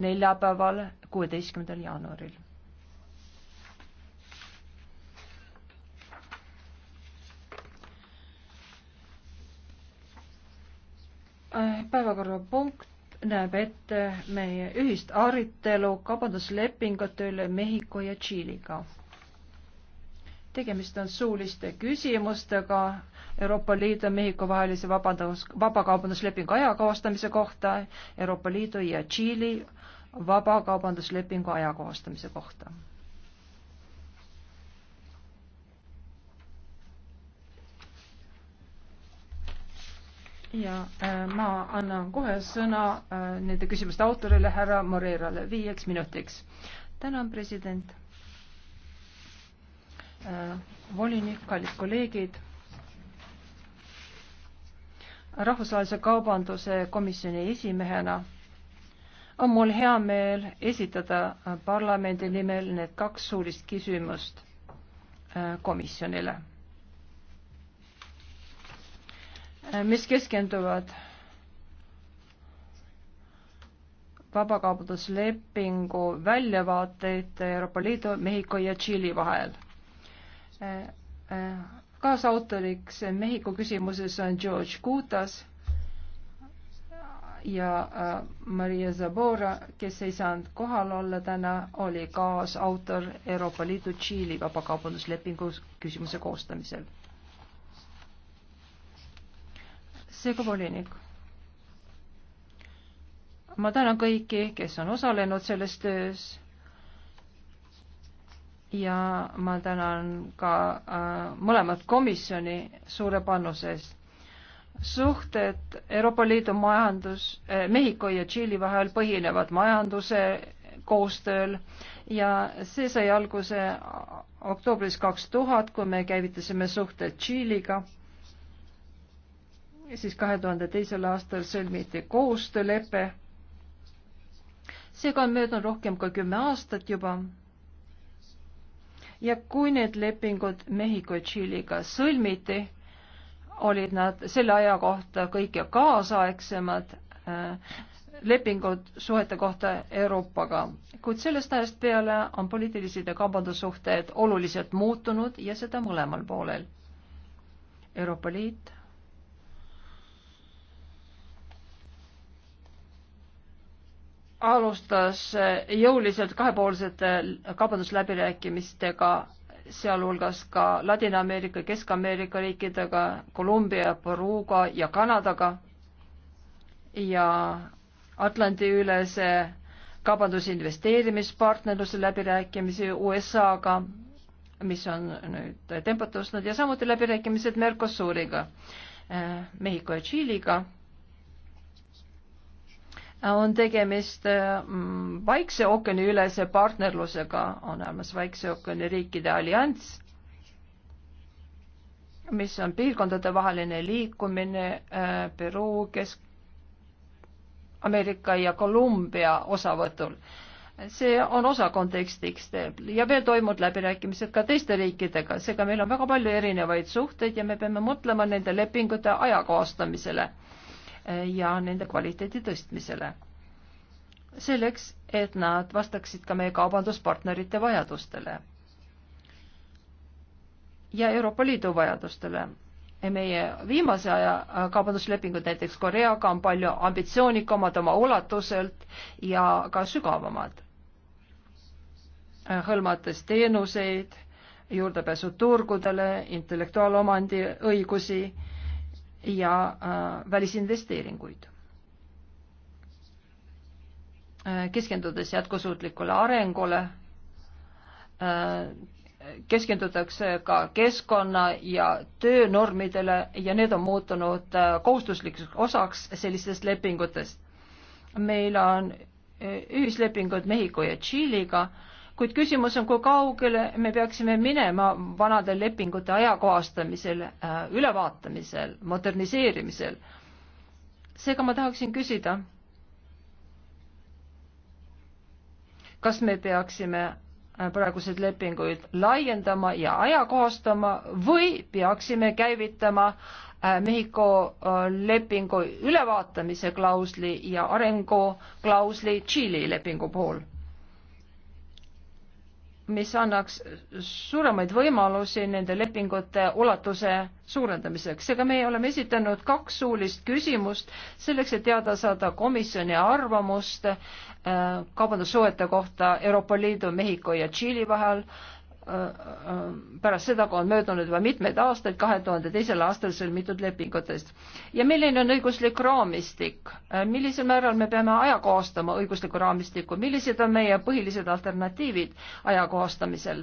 neljapäeval, kuueteistkümnendal jaanuaril. päevakorrapunkt näeb ette meie ühist arutelu kaubanduslepingute üle Mehhiko ja Tšiiliga. tegemist on suuliste küsimustega Euroopa Liidu ja Mehhiko vahelise vabandus, vabakaubanduslepingu ajakohastamise kohta Euroopa Liidu ja Tšiili vabakaubanduslepingu ajakohastamise kohta. ja äh, ma annan kohe sõna äh, nende küsimuste autorile, härra Moreerale, viieks minutiks. tänan, president äh,. volinik, kallid kolleegid rahvusvahelise kaubanduse komisjoni esimehena on mul hea meel esitada äh, parlamendi nimel need kaks suulist küsimust äh, komisjonile, äh, mis keskenduvad vabakaubanduslepingu väljavaateid Euroopa Liidu, Mehhiko ja Tšiili vahel. kaasautoriks Mehhiko küsimuses on George Kutas ja äh, Maria Zabora, kes ei saanud kohal olla täna, oli kaasautor Euroopa Liidu Tšiili vabakaubanduslepingu küsimuse koostamisel. seega volinik. ma tänan kõiki, kes on osalenud selles töös. ja ma tänan ka äh, mõlemat komisjoni suure panuse eest suhted Euroopa Liidu majandus eh, Mehhiko ja Tšiili vahel põhinevad majanduse koostööl ja see sai alguse oktoobris kaks tuhat, kui me käivitasime suhted Tšiiliga. siis kahe tuhande teisel aastal sõlmiti koostöölepe. seega on möödunud rohkem kui kümme aastat juba. ja kui need lepingud Mehhiko ja Tšiiliga sõlmiti olid nad selle aja kohta kõige kaasaegsemad äh, lepingud suhete kohta Euroopaga, kuid sellest ajast peale on poliitilised ja kaubandussuhted oluliselt muutunud ja seda mõlemal poolel. Euroopa Liit alustas jõuliselt kahepoolsete kaubandusläbirääkimistega sealhulgas ka Ladina-Ameerika, Kesk-Ameerika riikidega, Kolumbia, Peruga ja Kanadaga ja Atlandi-ülese kaubandusinvesteerimispartnerluse läbirääkimisi USA-ga, mis on nüüd tempot tõstnud ja samuti läbirääkimised Mercosuriga, Mehhiko ja Tšiiliga on tegemist mm, Vaikse ookeani ülese partnerlusega, on olemas Vaikse ookeani riikide allianss, mis on piirkondadevaheline liikumine äh, Peruu, Kesk-Ameerika ja Kolumbia osavõtul. see on osa kontekstist ja veel toimuvad läbirääkimised ka teiste riikidega, seega meil on väga palju erinevaid suhteid ja me peame mõtlema nende lepingute ajakohastamisele ja nende kvaliteedi tõstmisele. selleks, et nad vastaksid ka meie kaubanduspartnerite vajadustele ja Euroopa Liidu vajadustele. meie viimase aja kaubanduslepingud näiteks Koreaga on palju ambitsioonikamad oma ulatuselt ja ka sügavamad, hõlmates teenuseid juurdepääsu turgudele, intellektuaalomandi õigusi ja äh, välisinvesteeringuid. Äh, keskendudes jätkusuutlikule arengule, äh, keskendutakse ka keskkonna ja töönormidele ja need on muutunud kohustuslikuks osaks sellistest lepingutest. meil on ühislepingud Mehhiko ja Tšiiliga kuid küsimus on, kui kaugele me peaksime minema vanade lepingute ajakohastamisel, äh, ülevaatamisel, moderniseerimisel. seega ma tahaksin küsida, kas me peaksime äh, praeguseid lepinguid laiendama ja ajakohastama või peaksime käivitama äh, Mehhiko lepingu ülevaatamise klausli ja arenguklausli Tšiili lepingu puhul mis annaks suuremaid võimalusi nende lepingute ulatuse suurendamiseks. seega meie oleme esitanud kaks suulist küsimust selleks, et teada saada komisjoni arvamust äh, kaubandussuhete kohta Euroopa Liidu, Mehhiko ja Tšiili vahel äh, pärast seda, kui on möödunud juba mitmeid aastaid, kahe tuhande teisel aastal sõlmitud lepingutest. ja milline on õiguslik raamistik, millisel määral me peame ajakohastama õiguslikku raamistikku, millised on meie põhilised alternatiivid ajakohastamisel?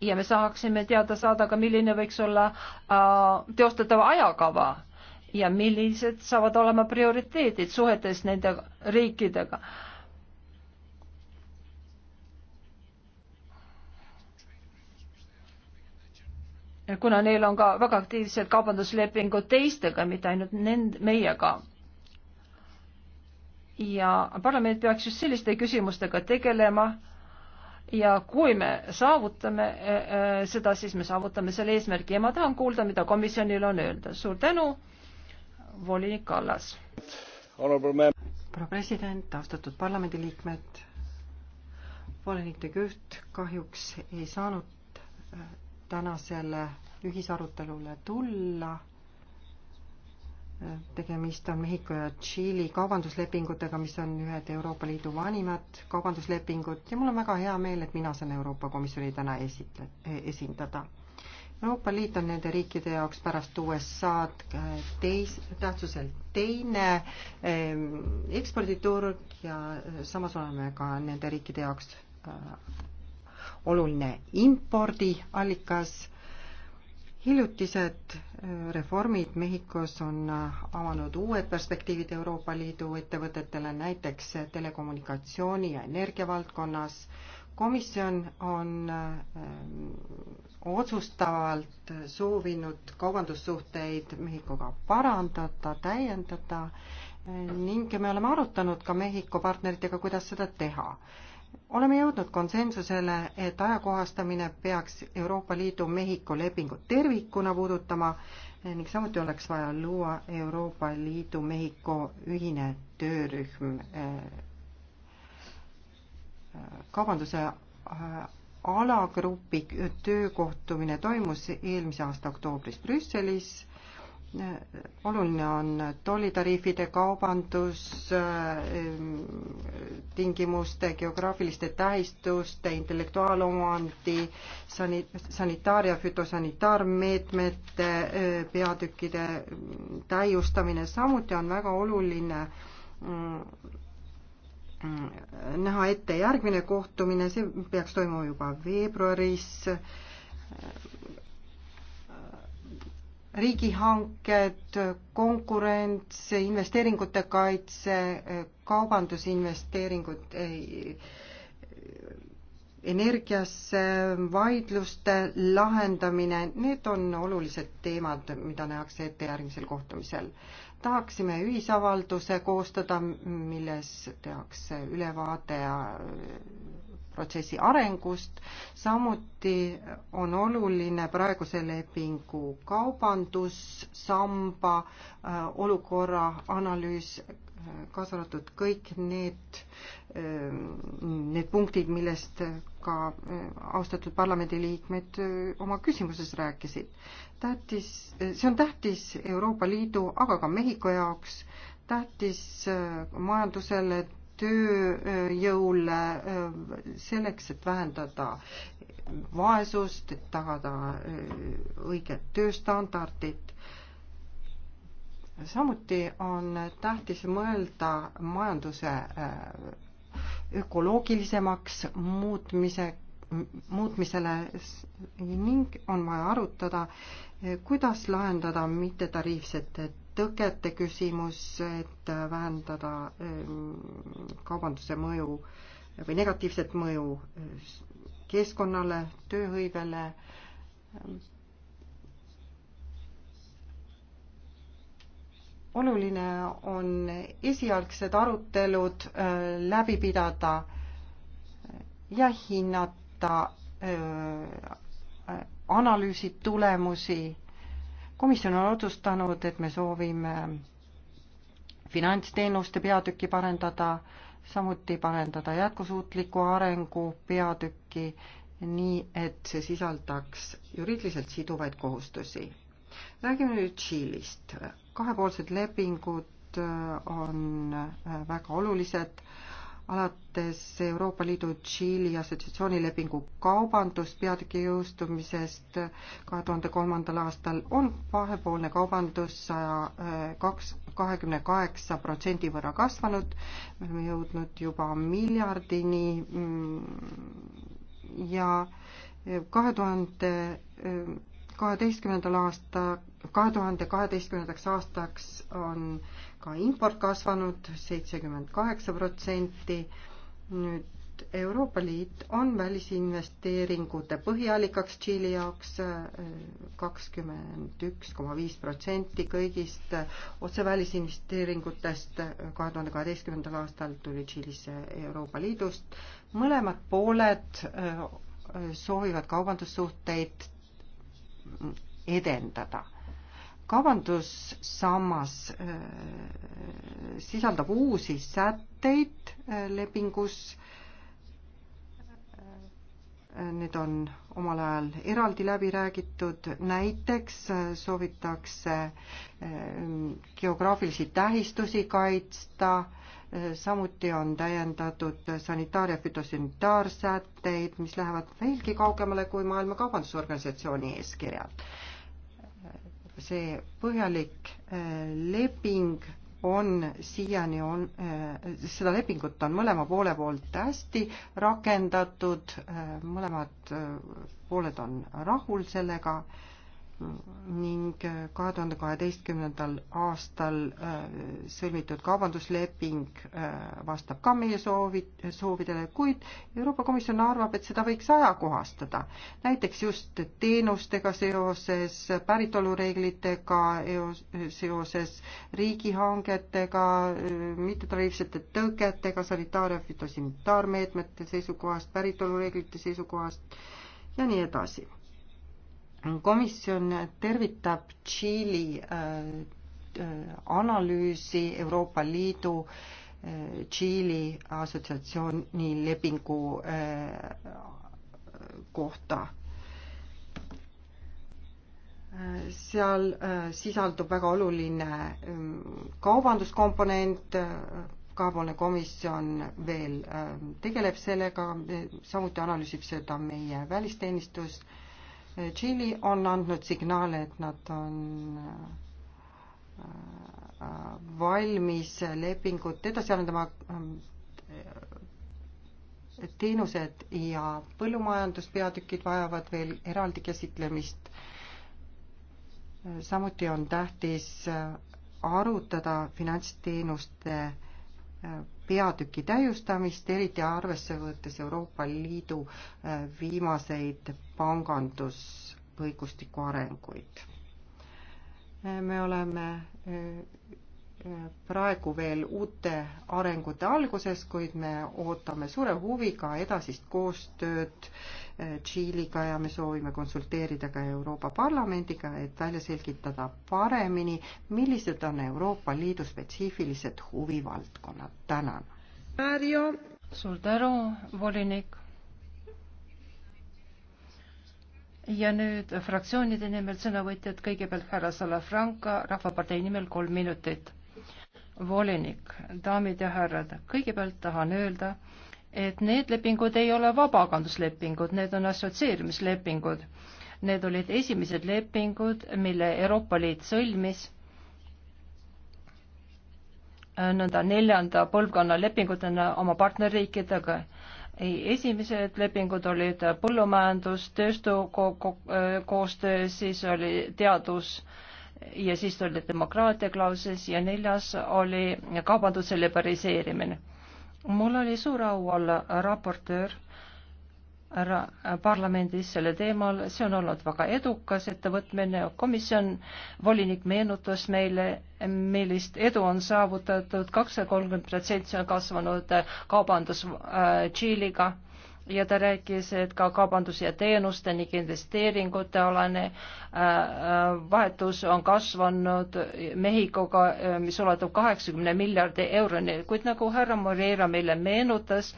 ja me saaksime teada saada ka, milline võiks olla äh, teostatav ajakava ja millised saavad olema prioriteedid suhetes nende riikidega äh, kuna neil on ka väga aktiivsed kaubanduslepingud teistega, mitte ainult nend-, meiega. ja parlament peaks just selliste küsimustega tegelema ja kui me saavutame e, e, seda, siis me saavutame selle eesmärgi ja ma tahan kuulda, mida komisjonil on öelda. suur tänu, volinik Kallas. proua president, austatud parlamendiliikmed, volinik De Gucht kahjuks ei saanud tänasele ühisarutelule tulla. tegemist on Mehhiko ja Tšiili kaubanduslepingutega, mis on ühed Euroopa Liidu vanimad kaubanduslepingud ja mul on väga hea meel, et mina saan Euroopa Komisjoni täna esitle-, esindada. Euroopa Liit on nende riikide jaoks pärast USA-d teis-, tähtsuselt teine ehm, eksporditurg ja samas oleme ka nende riikide jaoks äh, oluline impordiallikas. hiljutised äh, reformid Mehhikos on äh, avanud uued perspektiivid Euroopa Liidu ettevõtetele, näiteks telekommunikatsiooni ja energia valdkonnas. komisjon on äh, otsustavalt soovinud kaubandussuhteid Mehhikoga parandada, täiendada ning me oleme arutanud ka Mehhiko partneritega, kuidas seda teha oleme jõudnud konsensusele, et ajakohastamine peaks Euroopa Liidu Mehhiko lepingut tervikuna puudutama ning samuti oleks vaja luua Euroopa Liidu Mehhiko ühine töörühm äh, kaubanduse äh, alagrupi töökohtumine toimus eelmise aasta oktoobris Brüsselis oluline on tollitariifide kaubandus, tingimuste, geograafiliste tähistuste, intellektuaalomandi, sani-, sanitaar- ja fütosanitaarmeetmete peatükkide täiustamine, samuti on väga oluline mm, näha ette järgmine kohtumine, see peaks toimuma juba veebruaris riigihanked, konkurents, investeeringute kaitse, kaubandusinvesteeringud eh, energiasse, vaidluste lahendamine, need on olulised teemad, mida nähakse ette järgmisel kohtumisel. tahaksime ühisavalduse koostada, milles tehakse ülevaade protsessi arengust, samuti on oluline praeguse lepingu kaubandussamba äh, olukorra analüüs, äh, kaasa arvatud kõik need, ähm, need punktid, millest ka äh, austatud parlamendiliikmed oma küsimuses rääkisid. tähtis, see on tähtis Euroopa Liidu, aga ka Mehhiko jaoks, tähtis majandusele, tööjõule selleks, et vähendada vaesust, et tagada äh, õiged tööstandardid. samuti on tähtis mõelda majanduse äh, ökoloogilisemaks muutmise, muutmisele ning on vaja arutada, äh, kuidas lahendada mittetariifsete tõkete küsimus, et vähendada ähm, kaubanduse mõju või negatiivset mõju äh, keskkonnale, tööhõivele. oluline on esialgsed arutelud äh, läbi pidada ja hinnata äh, analüüsi tulemusi komisjon on otsustanud, et me soovime finantsteenuste peatükki parendada, samuti parendada jätkusuutliku arengu peatükki, nii et see sisaldaks juriidiliselt siduvaid kohustusi. räägime nüüd Tšiilist. kahepoolsed lepingud äh, on äh, väga olulised alates Euroopa Liidu Tšiili assotsiatsioonilepingu kaubanduspeatüki jõustumisest kahe tuhande kolmandal aastal on vahepoolne kaubandus saja eh, kaks, kahekümne kaheksa protsendi võrra kasvanud, me oleme jõudnud juba miljardini mm, ja kahe tuhande eh, kaheteistkümnendal aasta kahe tuhande kaheteistkümnendaks aastaks on ka import kasvanud seitsekümmend kaheksa protsenti. nüüd Euroopa Liit on välisinvesteeringute põhiallikaks Tšiili jaoks eh, kakskümmend üks koma viis protsenti kõigist otsevälisinvesteeringutest eh, kahe tuhande kaheteistkümnendal aastal tuli Tšiilisse Euroopa Liidust. mõlemad pooled eh, soovivad kaubandussuhteid edendada kaubandussammas äh, sisaldab uusi sätteid äh, lepingus. Äh, need on omal ajal eraldi läbi räägitud, näiteks soovitakse geograafilisi tähistusi kaitsta, samuti on täiendatud sanitaar- ja fütosanitaarsätteid, mis lähevad veelgi kaugemale kui Maailma Kaubandusorganisatsiooni eeskirjad see põhjalik äh, leping on siiani on, äh, seda lepingut on mõlema poole poolt hästi rakendatud, äh, mõlemad pooled on rahul sellega ning äh, kahe tuhande kaheteistkümnendal aastal äh, sõlmitud kaubandusleping äh, vastab ka meie soovid, soovidele, kuid Euroopa Komisjon arvab, et seda võiks ajakohastada. näiteks just teenustega seoses, päritolureeglitega seoses, riigihangetega, mittetariifsete tõketega, sanitaar- ja fütosanitaarmeetmete seisukohast, päritolureeglite seisukohast ja nii edasi komisjon tervitab Tšiili äh, äh, analüüsi Euroopa Liidu äh, Tšiili assotsiatsiooni lepingu kohta seal sisaldub väga oluline ähm, kaubanduskomponent, kahepoolne komisjon veel tegeleb sellega, samuti analüüsib seda meie välisteenistus Tšiili on andnud signaale, et nad on äh, äh, valmis lepingut edasi arendama, äh, teenused ja põllumajanduspeatükid vajavad veel eraldi käsitlemist. samuti on tähtis arutada finantsteenuste peatüki täiustamist, eriti arvesse võttes Euroopa Liidu äh, viimaseid pangandusõigustiku arenguid. Äh, me oleme äh, praegu veel uute arengute alguses, kuid me ootame suure huviga edasist koostööd äh, Tšiiliga ja me soovime konsulteerida ka Euroopa Parlamendiga, et välja selgitada paremini, millised on Euroopa Liidu spetsiifilised huvivaldkonnad. tänan. Mario. suur tänu, volinik. ja nüüd fraktsioonide nimel sõnavõtjad, kõigepealt härra Salafranca Rahvapartei nimel kolm minutit volinik, daamid ja härrad, kõigepealt tahan öelda, et need lepingud ei ole vabakaubanduslepingud, need on assotsieerimislepingud. Need olid esimesed lepingud, mille Euroopa Liit sõlmis äh, nõnda neljanda põlvkonna lepingutena oma partnerriikidega. esimesed lepingud olid põllumajandus, tööstukoostöö, äh, siis oli teadus ja siis oli demokraatia klauslis ja neljas oli kaubanduse liberaliseerimine mul oli suur au olla raportöör ära parlamendis selle teemal, see on olnud väga edukas ettevõtmine, komisjon, volinik meenutas meile, millist edu on saavutatud, kakssada kolmkümmend protsenti on kasvanud kaubandus äh, Tšiiliga ja ta rääkis, et ka kaubandus ja teenuste ning investeeringute alane äh, äh, vahetus on kasvanud Mehhikoga, äh, mis ulatub kaheksakümne miljardi euroni, kuid nagu härra Moreira meile meenutas,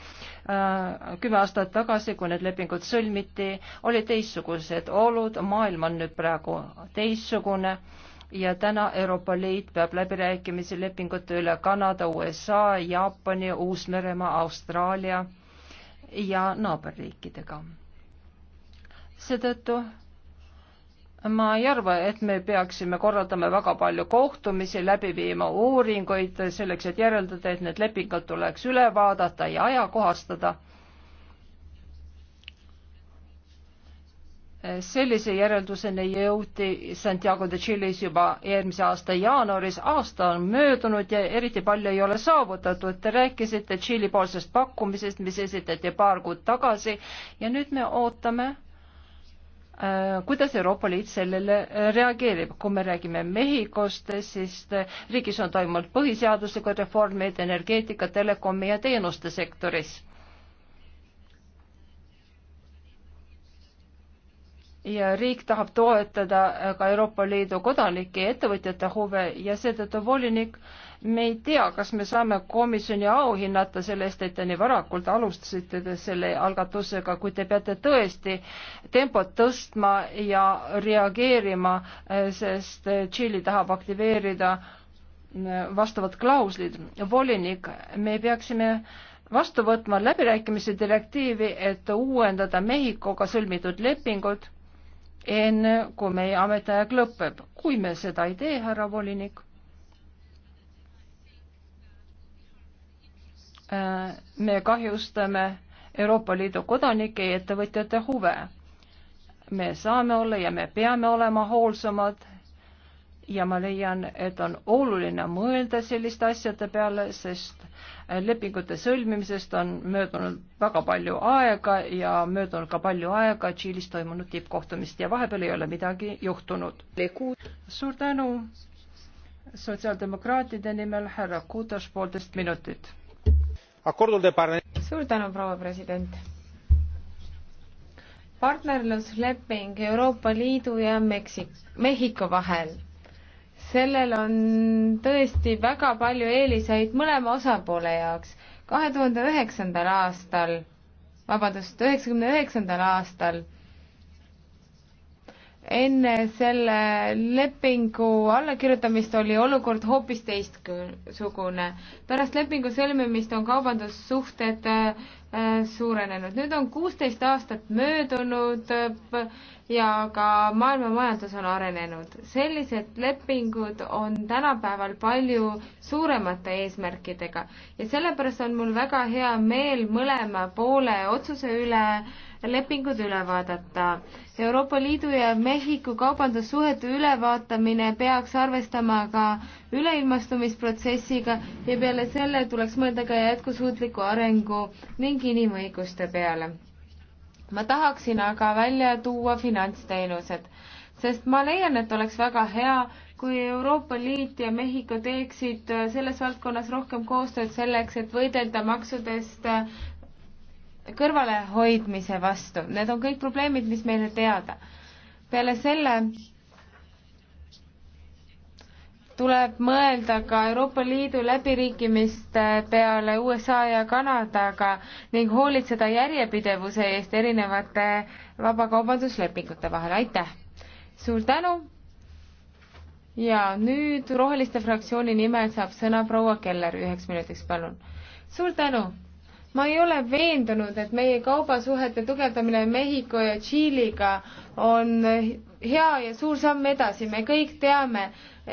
kümme aastat tagasi, kui need lepingud sõlmiti, olid teistsugused olud, maailm on nüüd praegu teistsugune ja täna Euroopa Liit peab läbirääkimisi lepingute üle Kanada, USA, Jaapani, Uus-Meremaa, Austraalia ja naaberriikidega. seetõttu ma ei arva, et me peaksime korraldama väga palju kohtumisi, läbi viima uuringuid selleks, et järeldada, et need lepingud tuleks üle vaadata ja ajakohastada sellise järelduseni jõuti Santiago de Chile'is juba eelmise aasta jaanuaris. aasta on möödunud ja eriti palju ei ole saavutatud. Te rääkisite Tšiili poolsest pakkumisest, mis esitati paar kuud tagasi ja nüüd me ootame, äh, kuidas Euroopa Liit sellele äh, reageerib. kui me räägime Mehhikost, siis äh, riigis on toimunud põhiseaduslikud reformid energeetika, telekomi ja teenuste sektoris ja riik tahab toetada äh, ka Euroopa Liidu kodanike ja ettevõtjate huve ja seetõttu volinik, me ei tea, kas me saame komisjoni au hinnata selle eest, et te nii varakult alustasite selle algatusega, kui te peate tõesti tempot tõstma ja reageerima, äh, sest äh, Tšiili tahab aktiveerida vastavad klauslid. volinik, me peaksime vastu võtma läbirääkimise direktiivi, et uuendada Mehhikoga sõlmitud lepingud enne, kui meie ametiaeg lõpeb. kui me seda ei tee, härra volinik, äh, me kahjustame Euroopa Liidu kodanike ja ettevõtjate huve. me saame olla ja me peame olema hoolsamad ja ma leian, et on oluline mõelda selliste asjade peale, sest lepingute sõlmimisest on möödunud väga palju aega ja möödunud ka palju aega Tšiilis toimunud tippkohtumist ja vahepeal ei ole midagi juhtunud. suur tänu sotsiaaldemokraatide nimel härra Kutas, poolteist minutit. suur tänu, proua president partnerlusleping Euroopa Liidu ja Meksik-, Mehhiko vahel sellel on tõesti väga palju eeliseid mõlema osapoole jaoks. kahe tuhande üheksandal aastal, vabandust, üheksakümne üheksandal aastal enne selle lepingu allakirjutamist oli olukord hoopis teistsugune. pärast lepingu sõlmimist on kaubandussuhted Äh, suurenenud. nüüd on kuusteist aastat möödunud äh, ja ka maailma majandus on arenenud. sellised lepingud on tänapäeval palju suuremate eesmärkidega ja sellepärast on mul väga hea meel mõlema poole otsuse üle äh, lepingud üle vaadata. Euroopa Liidu ja Mehhiko kaubandussuhete ülevaatamine peaks arvestama ka üleilmastumisprotsessiga ja peale selle tuleks mõelda ka jätkusuutliku arengu ning inimõiguste peale ma tahaksin aga välja tuua finantsteenused, sest ma leian, et oleks väga hea, kui Euroopa Liit ja Mehhiko teeksid selles valdkonnas rohkem koostööd selleks, et võidelda maksudest kõrvalehoidmise vastu. Need on kõik probleemid, mis meile teada. peale selle tuleb mõelda ka Euroopa Liidu läbiriikimiste peale USA ja Kanadaga ning hoolitseda järjepidevuse eest erinevate vabakaubanduslepingute vahel. aitäh! suur tänu! ja nüüd Roheliste fraktsiooni nimel saab sõna proua Keller üheks minutiks, palun. suur tänu! ma ei ole veendunud, et meie kaubasuhete tugevdamine Mehhiko ja Tšiiliga on hea ja suur samm edasi, me kõik teame,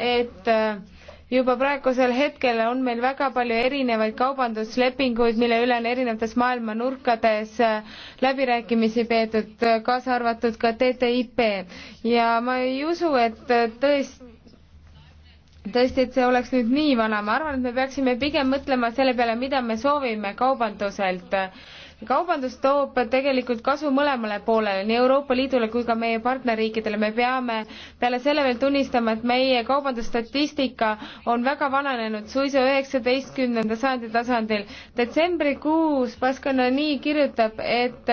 et äh, juba praegusel hetkel on meil väga palju erinevaid kaubanduslepinguid, mille üle on erinevates maailma nurkades äh, läbirääkimisi peetud, äh, kaasa arvatud ka TTIP. ja ma ei usu, et tõesti tõesti, et see oleks nüüd nii vana, ma arvan, et me peaksime pigem mõtlema selle peale, mida me soovime kaubanduselt. kaubandus toob tegelikult kasu mõlemale poolele, nii Euroopa Liidule kui ka meie partnerriikidele. me peame peale selle veel tunnistama, et meie kaubandusstatistika on väga vananenud suisa üheksateistkümnenda sajandi tasandil. detsembrikuus Baskanani kirjutab, et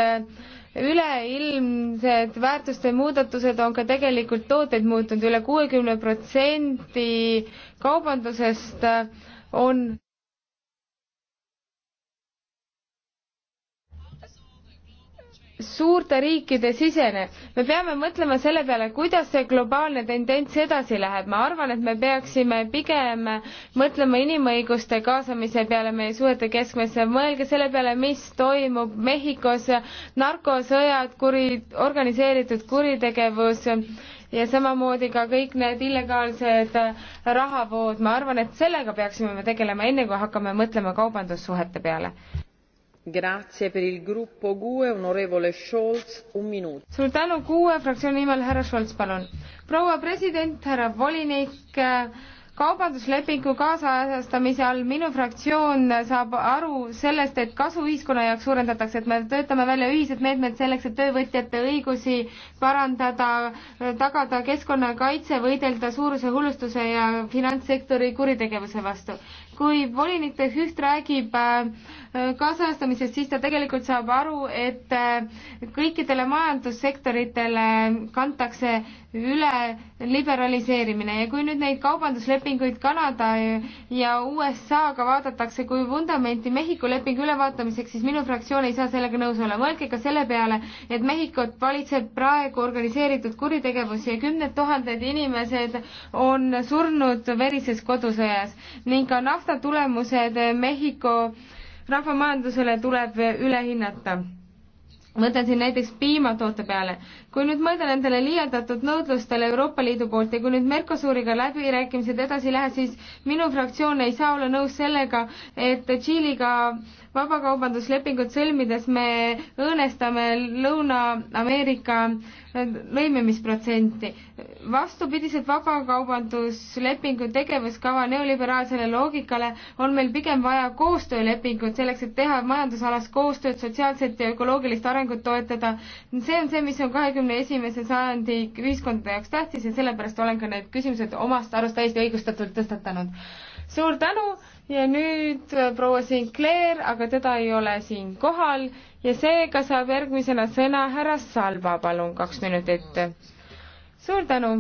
üleilmsed väärtuste muudatused on ka tegelikult tooteid muutnud üle, üle kuuekümne protsendi kaubandusest on suurte riikide sisene. me peame mõtlema selle peale, kuidas see globaalne tendents edasi läheb. ma arvan, et me peaksime pigem mõtlema inimõiguste kaasamise peale meie suhete keskmesse. mõelge selle peale, mis toimub Mehhikos, narkosõjad, kuri, organiseeritud kuritegevus ja samamoodi ka kõik need illegaalsed rahavood. ma arvan, et sellega peaksime me tegelema, enne kui hakkame mõtlema kaubandussuhete peale suur tänu gue fraktsiooni nimel härra scholz palun proua president härra volinik kaubanduslepingu kaasajastamise all minu fraktsioon saab aru sellest, et kasu ühiskonna jaoks suurendatakse, et me töötame välja ühised meetmed selleks, et töövõtjate õigusi parandada, tagada keskkonnakaitse, võidelda suuruse hullustuse ja finantssektori kuritegevuse vastu kui volinik De Hüht räägib äh, kaasajastamisest, siis ta tegelikult saab aru, et äh, kõikidele majandussektoritele kantakse üle liberaliseerimine ja kui nüüd neid kaubanduslepinguid Kanada ja USA-ga vaadatakse kui vundamenti Mehhiko lepingu ülevaatamiseks, siis minu fraktsioon ei saa sellega nõus olla. mõelge ka selle peale, et Mehhikot valitseb praegu organiseeritud kuritegevus ja kümned tuhanded inimesed on surnud verises kodusõjas ning ka nafta EFTA tulemused Mehhiko rahvamajandusele tuleb üle hinnata mõtlen siin näiteks piimatoote peale. kui nüüd mõelda nendele liialdatud nõudlustele Euroopa Liidu poolt ja kui nüüd Mercosuriga läbirääkimised edasi ei lähe, siis minu fraktsioon ei saa olla nõus sellega, et Tšiiliga vabakaubanduslepingut sõlmides me õõnestame Lõuna-Ameerika lõimimisprotsenti. vastupidiselt vabakaubanduslepingu tegevuskava neoliberaalsele loogikale on meil pigem vaja koostöölepingut selleks, et teha majandusalast koostööd, sotsiaalset ja ökoloogilist arengut toetada. see on see, mis on kahekümne esimese sajandi ühiskondade jaoks tähtis ja sellepärast olen ka need küsimused omast arust täiesti õigustatult tõstatanud. suur tänu ja nüüd äh, proua Sinclair, aga teda ei ole siin kohal ja seega saab järgmisena sõna härra Salva, palun, kaks minutit. suur tänu,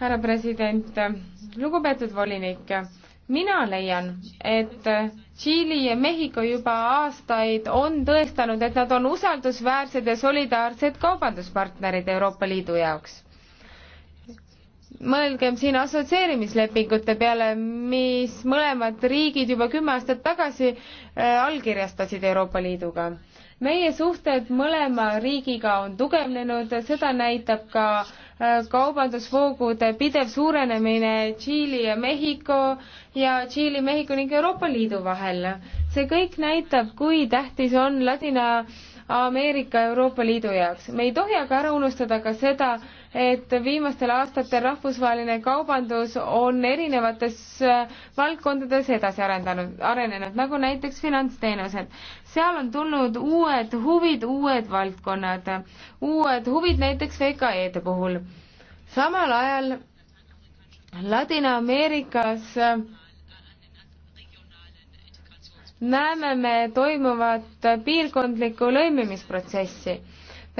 härra president, lugupeetud volinik, mina leian, et Tšiili ja Mehhiko juba aastaid on tõestanud, et nad on usaldusväärsed ja solidaarsed kaubanduspartnerid Euroopa Liidu jaoks. mõelgem siin assotsieerimislepingute peale, mis mõlemad riigid juba kümme aastat tagasi äh, allkirjastasid Euroopa Liiduga meie suhted mõlema riigiga on tugevnenud, seda näitab ka äh, kaubandusvoogude pidev suurenemine Tšiili ja Mehhiko ja Tšiili, Mehhiko ning Euroopa Liidu vahel. see kõik näitab, kui tähtis on Ladina Ameerika Euroopa Liidu jaoks. me ei tohi aga ära unustada ka seda, et viimastel aastatel rahvusvaheline kaubandus on erinevates äh, valdkondades edasi arendanud, arenenud, nagu näiteks finantsteenused. seal on tulnud uued huvid, uued valdkonnad, uued huvid näiteks VKE-de puhul. samal ajal Ladina-Ameerikas äh, näeme me toimuvat piirkondlikku lõimimisprotsessi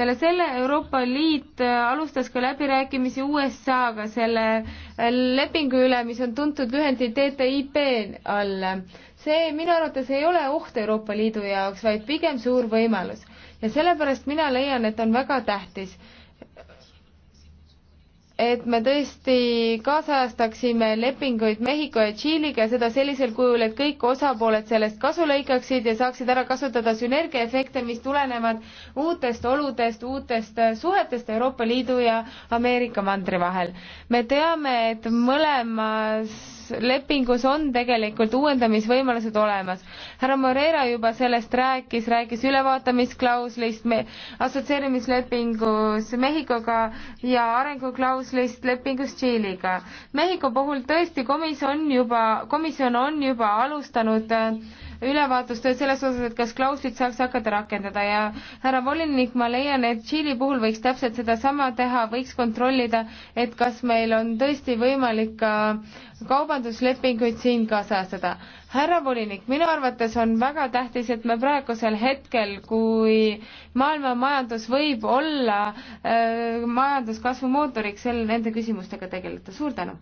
peale selle Euroopa Liit äh, alustas ka läbirääkimisi USA-ga selle äh, lepingu üle, mis on tuntud lühendi e TTIP all. see minu arvates ei ole oht Euroopa Liidu jaoks, vaid pigem suur võimalus ja sellepärast mina leian, et on väga tähtis et me tõesti kaasajastaksime lepinguid Mehhiko ja Tšiiliga ja seda sellisel kujul, et kõik osapooled sellest kasu lõikaksid ja saaksid ära kasutada sünergiaefekte, mis tulenevad uutest oludest, uutest suhetest Euroopa Liidu ja Ameerika mandri vahel. me teame, et mõlemas aluslepingus on tegelikult uuendamisvõimalused olemas. härra Moreira juba sellest rääkis, rääkis ülevaatamisklauslist assotsieerimislepingus Mehhikoga ja arenguklauslist lepingus Tšiiliga. Mehhiko puhul tõesti komisjon juba, komisjon on juba alustanud äh, ülevaatustööd selles osas, et kas klauslit saaks hakata rakendada ja härra volinik, ma leian, et Tšiili puhul võiks täpselt sedasama teha, võiks kontrollida, et kas meil on tõesti võimalik ka kaubanduslepinguid siin kaasajastada. härra volinik, minu arvates on väga tähtis, et me praegusel hetkel, kui maailma majandus võib olla äh, majanduskasvu mootoriks, sel, nende küsimustega tegeleda. suur tänu!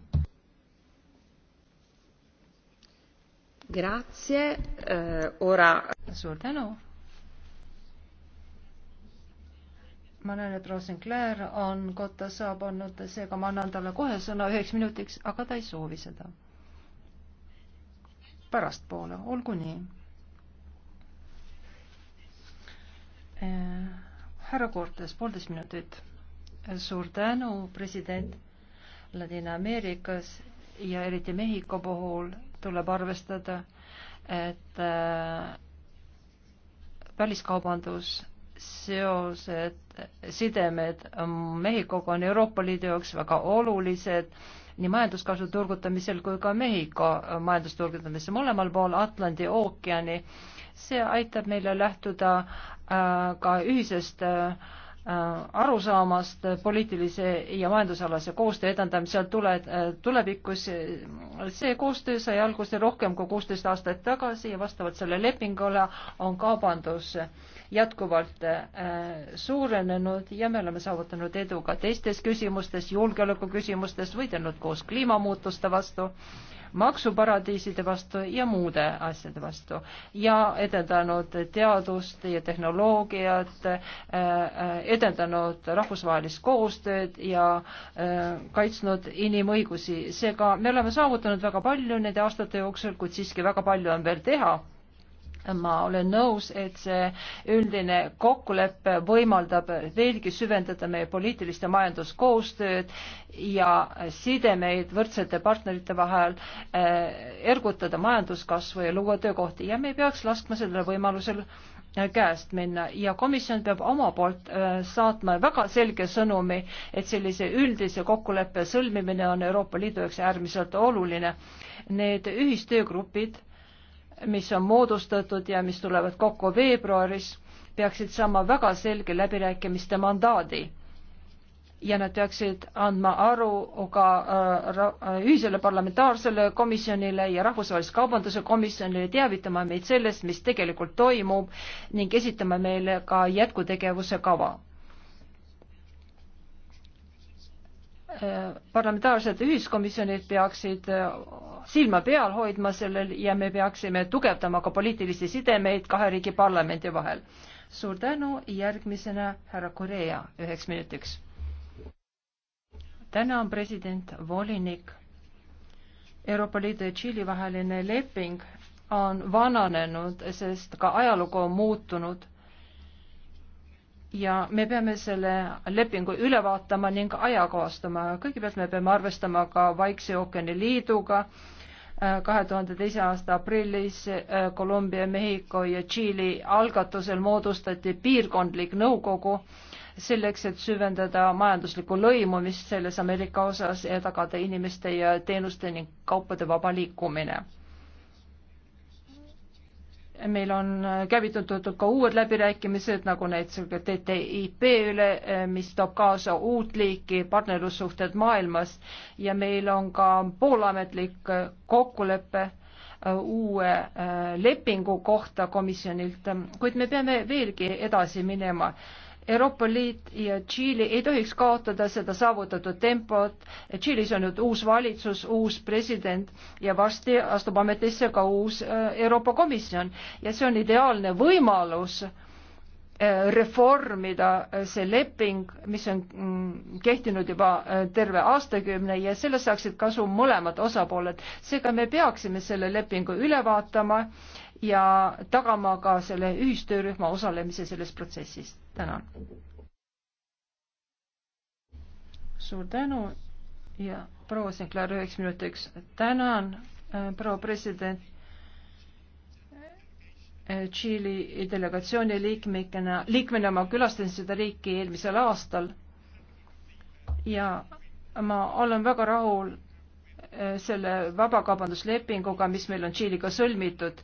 Grazie äh,, ora. suur tänu. ma näen, et Rosenclair on kotta saabunud, seega ma annan talle kohe sõna üheks minutiks, aga ta ei soovi seda. pärastpoole, olgu nii äh,. härra Cortes, poolteist minutit. suur tänu, president. Ladina-Ameerikas ja eriti Mehhiko puhul tuleb arvestada, et äh, väliskaubandus seosed, sidemed Mehhikoga on Euroopa Liidu jaoks väga olulised nii majanduskasvu turgutamisel kui ka Mehhiko majandusturgutamisel mõlemal pool Atlandi ookeani. see aitab meile lähtuda äh, ka ühisest äh, Äh, aru saamast poliitilise ja majandusalase koostöö edendamisel tule, äh, tulevikus. see koostöö sai alguse rohkem kui kuusteist aastat tagasi ja vastavalt sellele lepingule on kaubandus jätkuvalt äh, suurenenud ja me oleme saavutanud edu ka teistes küsimustes, julgeolekuküsimustes, võidelnud koos kliimamuutuste vastu maksuparadiiside vastu ja muude asjade vastu ja edendanud teadust ja tehnoloogiat, äh, edendanud rahvusvahelist koostööd ja äh, kaitsnud inimõigusi. seega me oleme saavutanud väga palju nende aastate jooksul, kuid siiski väga palju on veel teha ma olen nõus, et see üldine kokkulepe võimaldab veelgi süvendada meie poliitilist ja majanduskoostööd ja sidemeid võrdsete partnerite vahel äh,, ergutada majanduskasvu ja luua töökohti ja me ei peaks laskma sellel võimalusel eh, käest minna ja komisjon peab oma poolt eh, saatma väga selge sõnumi, et sellise üldise kokkuleppe sõlmimine on Euroopa Liidu jaoks äärmiselt oluline. Need ühistöögrupid mis on moodustatud ja mis tulevad kokku veebruaris, peaksid saama väga selge läbirääkimiste mandaadi. ja nad peaksid andma aru ka äh, äh ühisele parlamentaarsele komisjonile ja rahvusvahelise kaubanduse komisjonile, teavitama meid sellest, mis tegelikult toimub ning esitama meile ka jätkutegevuse kava parlamentaarsed ühiskomisjonid peaksid äh, silma peal hoidma sellel ja me peaksime tugevdama ka poliitilisi sidemeid kahe riigi parlamendi vahel. suur tänu, järgmisena härra Korea üheks minutiks. täna on president volinik. Euroopa Liidu ja Tšiili vaheline leping on vananenud, sest ka ajalugu on muutunud ja me peame selle lepingu üle vaatama ning ajakohastama. kõigepealt me peame arvestama ka Vaikse ookeani liiduga äh, kahe tuhande teise aasta aprillis äh, Kolumbia, Mehhiko ja Tšiili algatusel moodustati piirkondlik nõukogu selleks, et süvendada majanduslikku lõimumist selles Ameerika osas ja tagada inimeste ja teenuste ning kaupade vaba liikumine meil on käivitatud ka uued läbirääkimised, nagu näiteks TTIP üle, mis toob kaasa uut liiki partnerlussuhted maailmas ja meil on ka poolametlik kokkulepe äh, uue äh, lepingu kohta komisjonilt, kuid me peame veelgi edasi minema Euroopa Liit ja Tšiili ei tohiks kaotada seda saavutatud tempot. Tšiilis on nüüd uus valitsus, uus president ja varsti astub ametisse ka uus äh, Euroopa Komisjon ja see on ideaalne võimalus äh, Eh, reformida see leping, mis on mm, kehtinud juba eh, terve aastakümne ja sellest saaksid kasu mõlemad osapooled. seega me peaksime selle lepingu üle vaatama ja tagama ka selle ühistöörühma osalemise selles protsessis. tänan. suur tänu ja proua Sinclair üheks minutiks. tänan, eh, proua president Eh, Tšiili delegatsiooni liikmena, liikmena ma külastasin seda riiki eelmisel aastal ja ma olen väga rahul eh, selle vabakaubanduslepinguga, mis meil on Tšiiliga sõlmitud.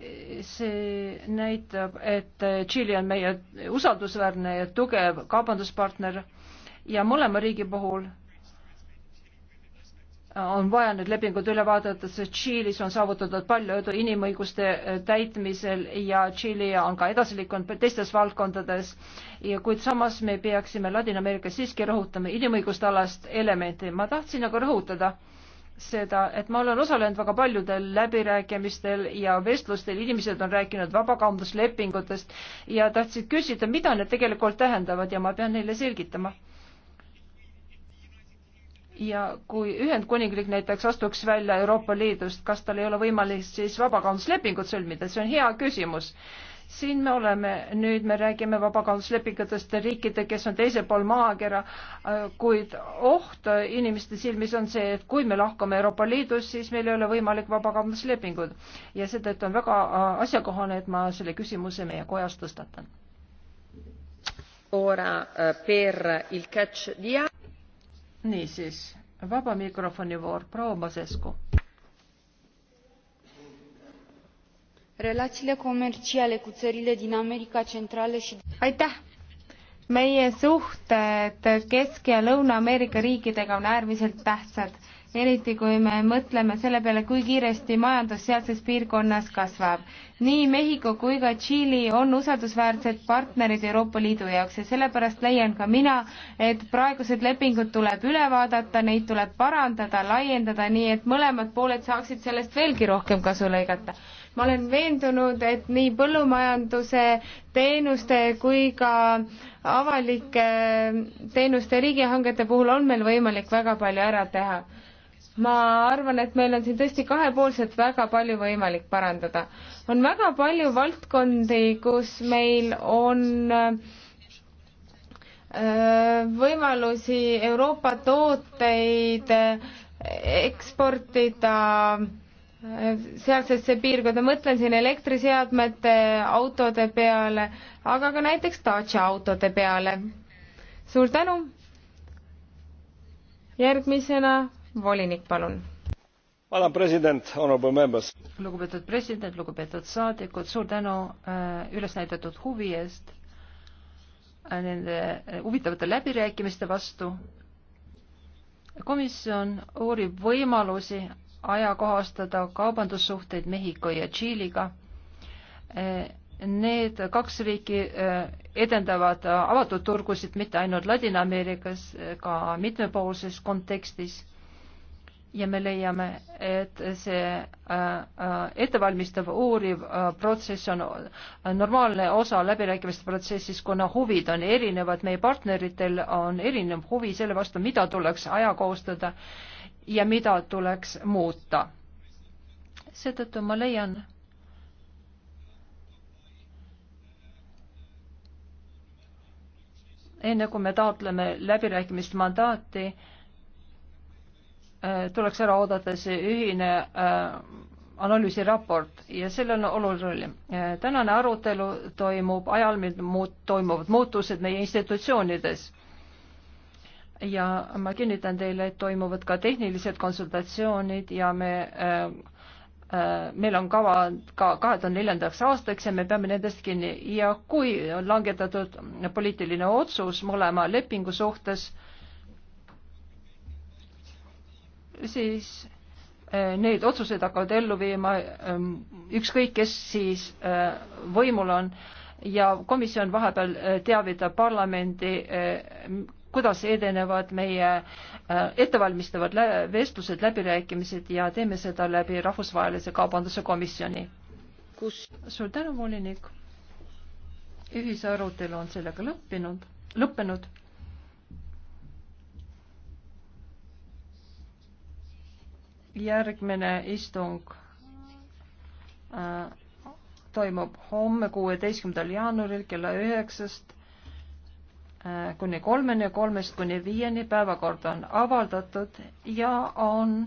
Eh, see näitab, et Tšiili on meie usaldusväärne ja tugev kaubanduspartner ja mõlema riigi puhul on vaja need lepingud üle vaadata, sest Tšiilis on saavutatud palju edu inimõiguste äh, täitmisel ja Tšiili on ka edasi liikunud teistes valdkondades. ja kuid samas me peaksime Ladina-Ameerikas siiski rõhutama inimõiguste alast elementi. ma tahtsin nagu rõhutada seda, et ma olen osalenud väga paljudel läbirääkimistel ja vestlustel, inimesed on rääkinud vabakaubanduslepingutest ja tahtsid küsida, mida need tegelikult tähendavad ja ma pean neile selgitama ja kui Ühendkuningriik näiteks astuks välja Euroopa Liidust, kas tal ei ole võimalik siis vabakaubanduslepingut sõlmida, see on hea küsimus. siin me oleme, nüüd me räägime vabakaubanduslepingutest riikide, kes on teisel pool maakera, äh, kuid oht inimeste silmis on see, et kui me lahkume Euroopa Liidust, siis meil ei ole võimalik vabakaubanduslepingud ja seetõttu on väga äh, asjakohane, et ma selle küsimuse meie kojas tõstatan. ora äh, per il catch di niisiis, vaba mikrofoni voor, proua Masescu. relațiile comerciale cu țările din America Centrală și aitäh! meie suhted Kesk- ja Lõuna-Ameerika riikidega on äärmiselt tähtsad eriti kui me mõtleme selle peale, kui kiiresti majandus sealses piirkonnas kasvab. nii Mehhiko kui ka Tšiili on usaldusväärsed partnerid Euroopa Liidu jaoks ja sellepärast leian ka mina, et praegused lepingud tuleb üle vaadata, neid tuleb parandada, laiendada, nii et mõlemad pooled saaksid sellest veelgi rohkem kasu lõigata ma olen veendunud, et nii põllumajanduse teenuste kui ka avalike teenuste riigihangete puhul on meil võimalik väga palju ära teha ma arvan, et meil on siin tõesti kahepoolselt väga palju võimalik parandada. on väga palju valdkondi, kus meil on äh, võimalusi Euroopa tooteid äh, eksportida äh, sealsesse piirkonda, mõtlen siin elektriseadmete, autode peale, aga ka näiteks Dacia autode peale. suur tänu! järgmisena volinik, palun. lugupeetud president, lugupeetud saadikud, suur tänu äh, üles näidatud huvi eest äh, nende äh, huvitavate läbirääkimiste vastu. komisjon uurib võimalusi ajakohastada kaubandussuhteid Mehhiko ja Tšiiliga. Need kaks riiki edendavad avatud turgusid mitte ainult Ladina-Ameerikas, ka mitmepoolses kontekstis ja me leiame, et see äh, äh, ettevalmistav uuriv äh, protsess on normaalne osa läbirääkimiste protsessis, kuna huvid on erinevad, meie partneritel on erinev huvi selle vastu, mida tuleks ajakoostada ja mida tuleks muuta. seetõttu ma leian, enne kui me taotleme läbirääkimist mandaati, Äh, tuleks ära oodata see ühine äh, analüüsiraport ja sellel on oluline roll. Äh, tänane arutelu toimub ajal, mil muut-, toimuvad muutused meie institutsioonides ja ma kinnitan teile, et toimuvad ka tehnilised konsultatsioonid ja me äh, äh, meil on kava ka kahe tuhande neljandaks aastaks ja me peame nendest kinni ja kui on langetatud poliitiline otsus mõlema lepingu suhtes äh,, siis äh, need otsused hakkavad ellu viima ähm, ükskõik, kes siis äh, võimul on ja komisjon vahepeal äh, teavitab parlamendi, kuidas edenevad meie ettevalmistavad vestlused, läbirääkimised ja teeme seda läbi Rahvusvahelise Kaubanduse Komisjoni. kus suur tänu, volinik. ühisarutelu on sellega lõppinud, lõppenud järgmine istung äh, toimub homme, kuueteistkümnendal jaanuaril kella üheksast äh, kuni kolmeni ja kolmest kuni viieni. päevakord on avaldatud ja on